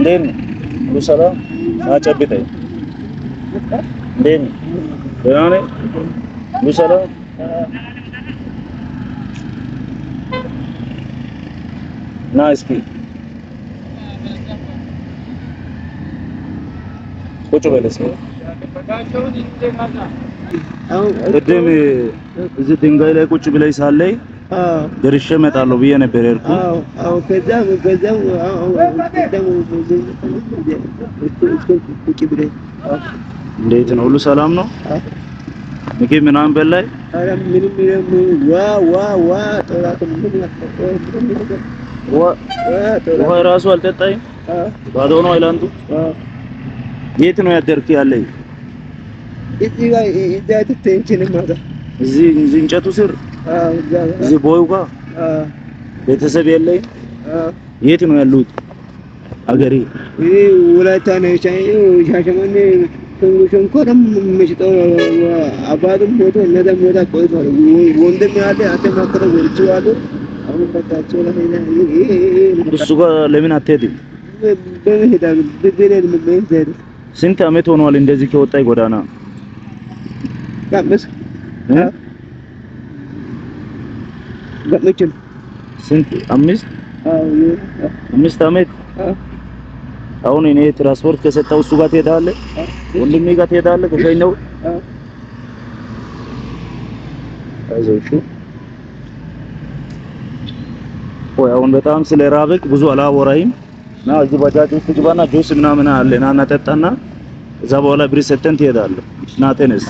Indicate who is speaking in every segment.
Speaker 1: ndeni lusala acabbite ndeni denane lusala na iski ቁጭ በለስ ቅድም እዚህ ድንጋይ ላይ ቁጭ ብለይ ሳለይ ደርሼ እመጣለሁ ብዬ ነበር ያልኩህ። እንዴት ነው? ሁሉ ሰላም ነው? ምግብ ምናምን በላይ ውሃ ራሱ አልጠጣኝም። ባዶ ነው ሃይላንዱ የት ነው ያደርክ ያለኝ?
Speaker 2: እዚህ ላይ እዚህ አትተንችን ማታ
Speaker 1: እዚህ እንጨቱ ስር እዚህ ቦዩ ጋር ቤተሰብ የለኝ። የት ነው ያሉት? አገሬ
Speaker 2: ይሄ ወላይታ ነው። ሻሸመኔ ሸንኮራ የሚሸጠው አባቱም ሞቶ እናቱም ሞታ ቆይቷል። ወንድም ያለ ማከረ አተማከረ ወርጭዋለ አሁን በቃቸው ለኔ
Speaker 1: እሱ ጋር ለምን አትሄድም?
Speaker 2: በምን ሄዳለሁ? በሌላ ምን ሄዳለሁ
Speaker 1: ስንት አመት ሆኗል እንደዚህ ከወጣ ጎዳና? ስንት አምስት አምስት አመት። አሁን እኔ ትራንስፖርት ከሰጠው እሱ ጋር ትሄዳለህ፣ ወንድሜ ጋር ትሄዳለህ። ነው አሁን በጣም ስለ ራበቅ ብዙ አላወራይም ና እዚህ ባጃጅ ውስጥ ግባና ጁስ ምናምን አለ ና እና ጠጣና እዛ በኋላ ብር ሰጥተን ትሄዳለህ። ና ጤነስ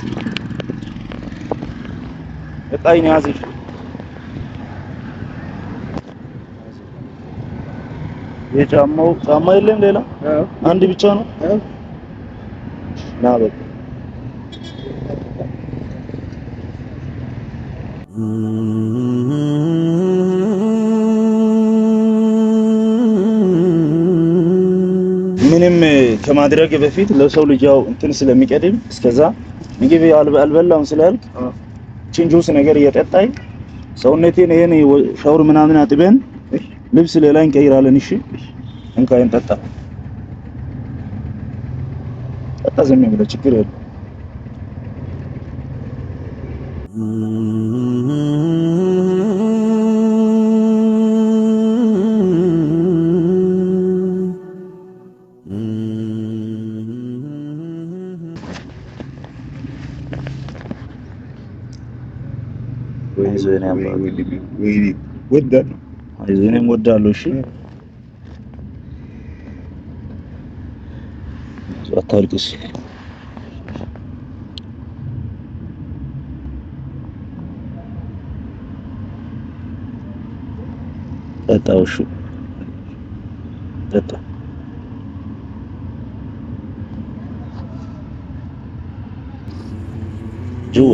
Speaker 1: እጣይን ያዝ የጫማው ጫማ የለም ሌላ አንድ ብቻ ነው። ና በቃ Mm-hmm. ከማድረግ በፊት ለሰው ልጅ ያው እንትን ስለሚቀድም እስከዛ ምግብ አልበላም ስላልክ ቺንጁስ ነገር እየጠጣኝ ሰውነቴን ይሄን ሻወር ምናምን አጥበን ልብስ ሌላ እንቀይራለን። እሺ እንኳን ጠጣ ጠጣ፣ ዝም ብለህ ችግር የለም። አይዞህ እኔም ወዳለሁ። እሺ አታልቅስ። ጠጣው። እሺ ጠጣ። ጅዋ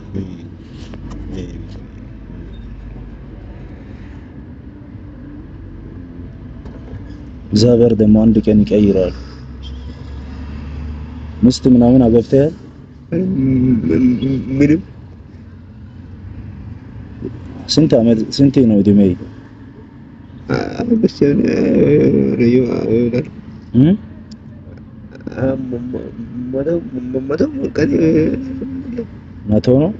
Speaker 1: እግዚአብሔር ደግሞ አንድ ቀን ይቀይረዋል። ምስት ምናምን አገብተሃል? ምንም ስንት ዓመት ስንቴ ነው እድሜ? መቶ ነው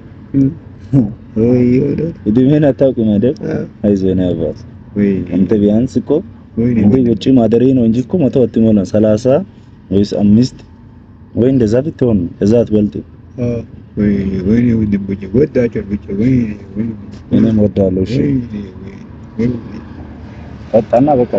Speaker 1: እድሜን አታውቅም አይደል? አይዞህ ነው አባት አንተ ቢያንስ እኮ ወይ ወጪ ማደሬ ነው እንጂ እኮ መቶ አትሞላ ሰላሳ ወይስ አምስት ወይ እንደዛ ብትሆን ከዛ አትበልጥ። እኔም ወዳለሁ። እሺ ቀጣና በቃ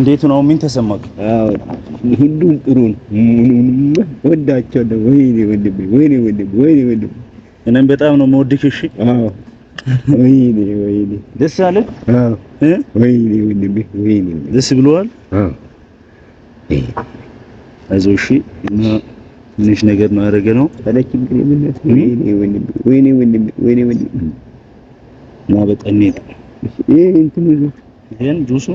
Speaker 1: እንዴት ነው? ምን ተሰማክ?
Speaker 2: አዎ ሁሉም ጥሩ ነው። ምንም ወዳቸዋለሁ። ወይኔ ወንድሜ፣ ወይኔ ወንድሜ፣ ወይኔ ወንድሜ፣
Speaker 1: እኔም በጣም ነው የምወድህ። እሺ።
Speaker 2: አዎ ወይኔ ወይኔ፣ ደስ አለህ? አዎ ወይኔ ወንድሜ፣ ወይኔ ደስ ብሎሃል? አዎ
Speaker 1: አይዞህ እሺ። እና ትንሽ ነገር ነው ያደረገ ነው አለችኝ። እና በቃ ነው ይሄን ጁሱ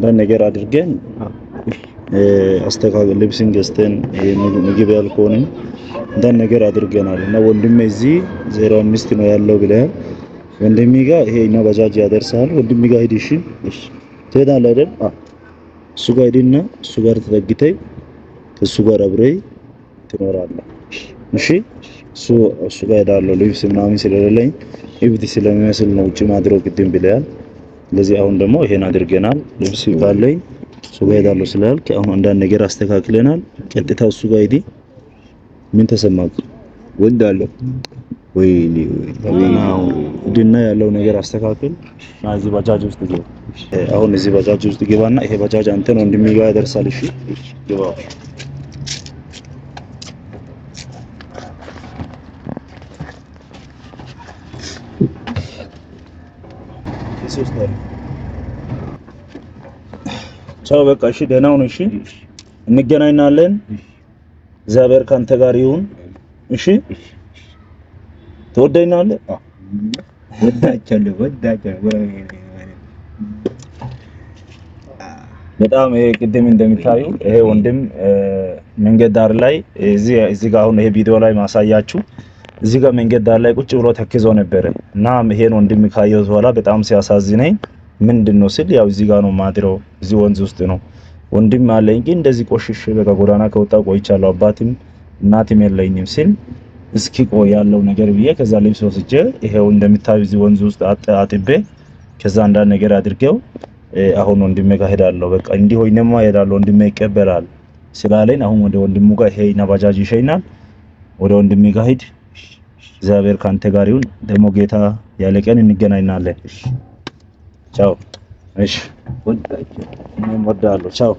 Speaker 1: አንዳንድ ነገር አድርገን አስተካክል ልብስን ገዝተን ምግብ ያልከሆንም አንዳንድ ነገር አድርገናል እና ወንድሜ እዚህ ዜሮ አምስት ነው ያለው ብለሃል። ወንድሜ ጋር ይሄ እና ባጃጅ ያደርሳል። ወንድሜ ጋር ሂድ፣ እሺ ትሄዳለህ አይደል? እሱ ጋር ሂድና እሱ ጋር ተጠግተህ እሱ ጋር አብረህ ትኖራለህ። እሺ እሱ እሱ ጋር ሄዳለሁ ልብስ ምናምን ስለሌለኝ እብድ ስለሚመስል ነው ውጭ ማድረግ ግድም ብለሃል። ለዚህ አሁን ደግሞ ይሄን አድርገናል። ልብስ ካለኝ ሱባ ሄዳለሁ ስላልክ አሁን አንዳንድ ነገር አስተካክለናል። ቀጥታ እሱ ጋር ሂድ። ምን ተሰማክ? ወዳለሁ ወይ ድና ያለው ነገር አስተካክል። እዚህ ባጃጅ ውስጥ ግባ። አሁን እዚህ ባጃጅ ውስጥ ግባና ይሄ ባጃጅ አንተ ነው ጋር ያደርሳል። እሺ ግባ ሶስት ቻው በቃ እሺ፣ ደህና ሁኑ። እሺ፣ እንገናኛለን። እግዚአብሔር ካንተ ጋር ይሁን። እሺ፣ ትወደኛለህ። በጣም ይሄ ቅድም እንደሚታዩ ይሄ ወንድም መንገድ ዳር ላይ እዚህ እዚህ ጋር አሁን ይሄ ቪዲዮ ላይ ማሳያችሁ እዚህ ጋር መንገድ ዳር ላይ ቁጭ ብሎ ተክዞ ነበረ እና ይሄን ወንድም ካየሁት በኋላ በጣም ሲያሳዝነኝ ምንድን ነው ስል ያው እዚህ ጋር ነው ማድረው እዚህ ወንዝ ውስጥ ነው ወንድም አለኝ ግን እንደዚህ ቆሽሽ በቃ ጎዳና ከወጣ ቆይቻለሁ አባትም እናትም የለኝም ሲል እስኪ ቆይ ያለው ነገር ብዬ ከዛ ልብስ ወስጄ ይሄው እንደምታዩ እዚህ ወንዝ ውስጥ አጥቤ ከዛ አንዳንድ ነገር አድርገው አሁን ወንድሜ ጋር ሄዳለሁ በቃ እንዲህ ሆይነማ ሄዳለሁ ወንድሜ ይቀበላል ስላለኝ አሁን ወደ ወንድሙ ጋር ይሄ ነባጃጅ ይሸይናል ወደ ወንድሜ ጋር ሂድ እግዚአብሔር ካንተ ጋር ይሁን። ደግሞ ጌታ ያለ ቀን እንገናኛለን። ቻው። እሺ፣
Speaker 2: ወዳጆች ነው። ወዳለሁ።
Speaker 1: ቻው